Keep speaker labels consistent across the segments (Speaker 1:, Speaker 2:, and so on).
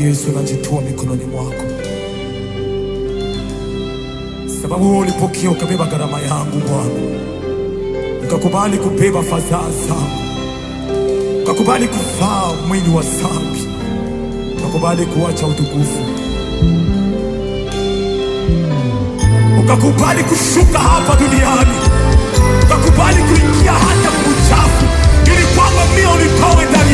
Speaker 1: Yesu, najitoa mikononi mwako, sababu wewe ulipokea ukabeba gharama yangu Bwana, ukakubali kubeba fadhaa zangu, ukakubali kuvaa mwili wa dhambi, ukakubali kuacha utukufu, ukakubali kushuka hapa duniani, ukakubali kuingia hata kuchafu, ili kwamba mimi unitoe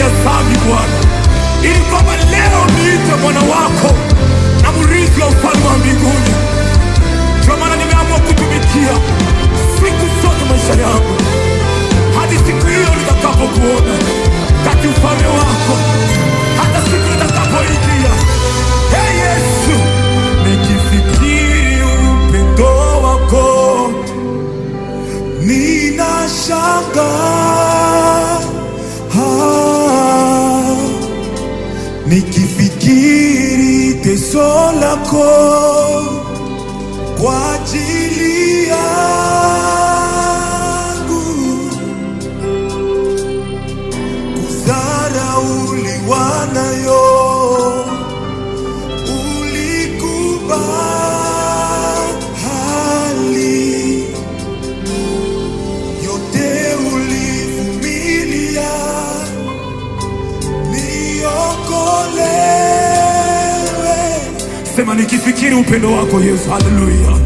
Speaker 1: Sema nikifikiri upendo wako Yesu. Haleluya,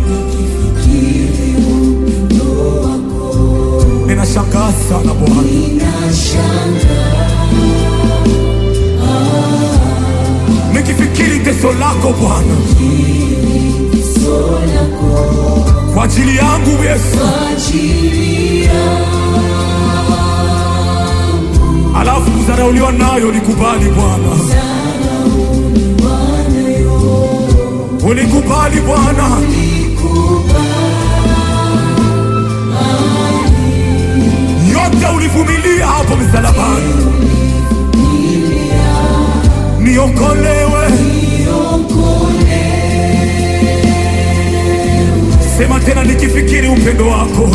Speaker 1: ninashangaa sana Bwana, nikifikiri teso lako Bwana kwa ajili yangu Yesu, alafu kuzarauliwa nayo nikubali Bwana. ulikubali Bwana yote ulivumilia hapo msalabani, niokolewe. Sema tena nikifikiri upendo wako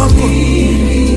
Speaker 2: Baba.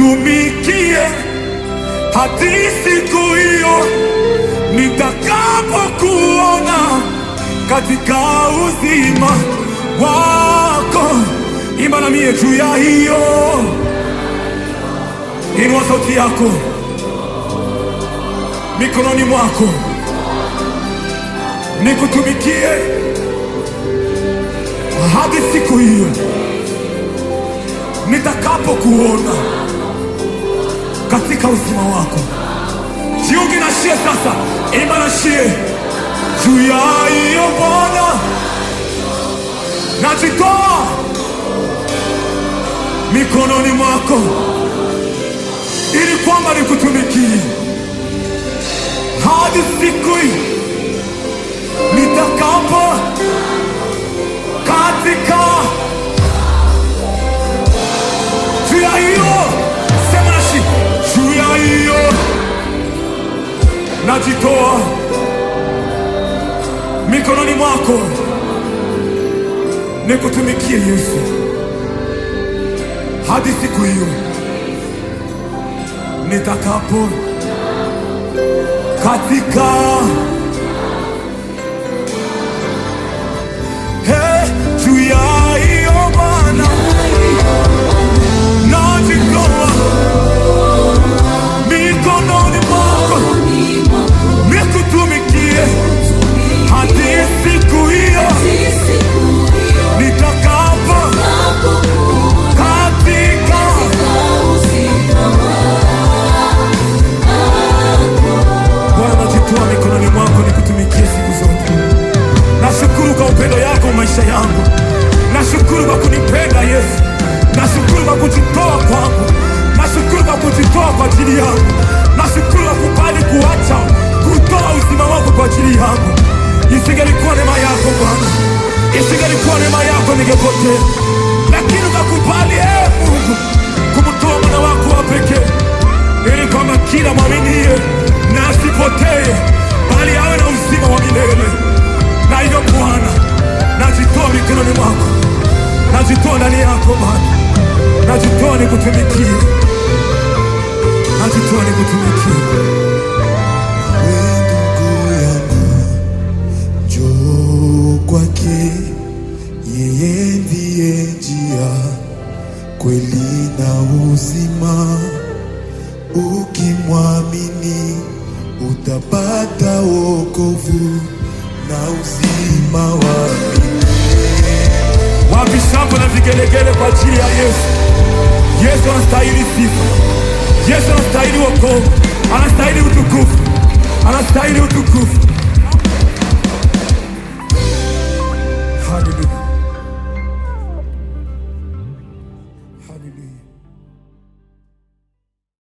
Speaker 1: nitumikie hadi siku hiyo nitakapokuona katika uzima wako. Imba na mie juu ya hiyo, inua sauti yako mikononi mwako, nikutumikie hadi siku hiyo nitakapokuona katika uzima wako. Jiunge na shie sasa, imba na shie juu ya hiyo Bwana najitoa mikononi mwako ili kwamba nikutumikie hadi siku nitakapo katika juu ya hiyo hiyo najitoa mikononi mwako, nikutumikie Yesu hadi siku hiyo nitakapo katika Nashukuru kwa kujitoa kwangu, nashukuru kwa kujitoa kwa ajili yangu, nashukuru kwa kubali kuacha kutoa uzima wako kwa ajili yangu. Isingelikuwa neema yako Bwana, isingelikuwa neema yako ningepotea, lakini ukakubali ee Mungu kumtoa mwana wako wa pekee ili kwamba kila mwaminiye na asipotee, bali awe na uzima wa milele. Na hivyo Bwana, najitoa mikononi mwako, najitoa ndani yako Bwana najitoa nikutumikie, najitoa nikutumikie. Yesu anastahili wokovu, anastahili utukufu, anastahili utukufu.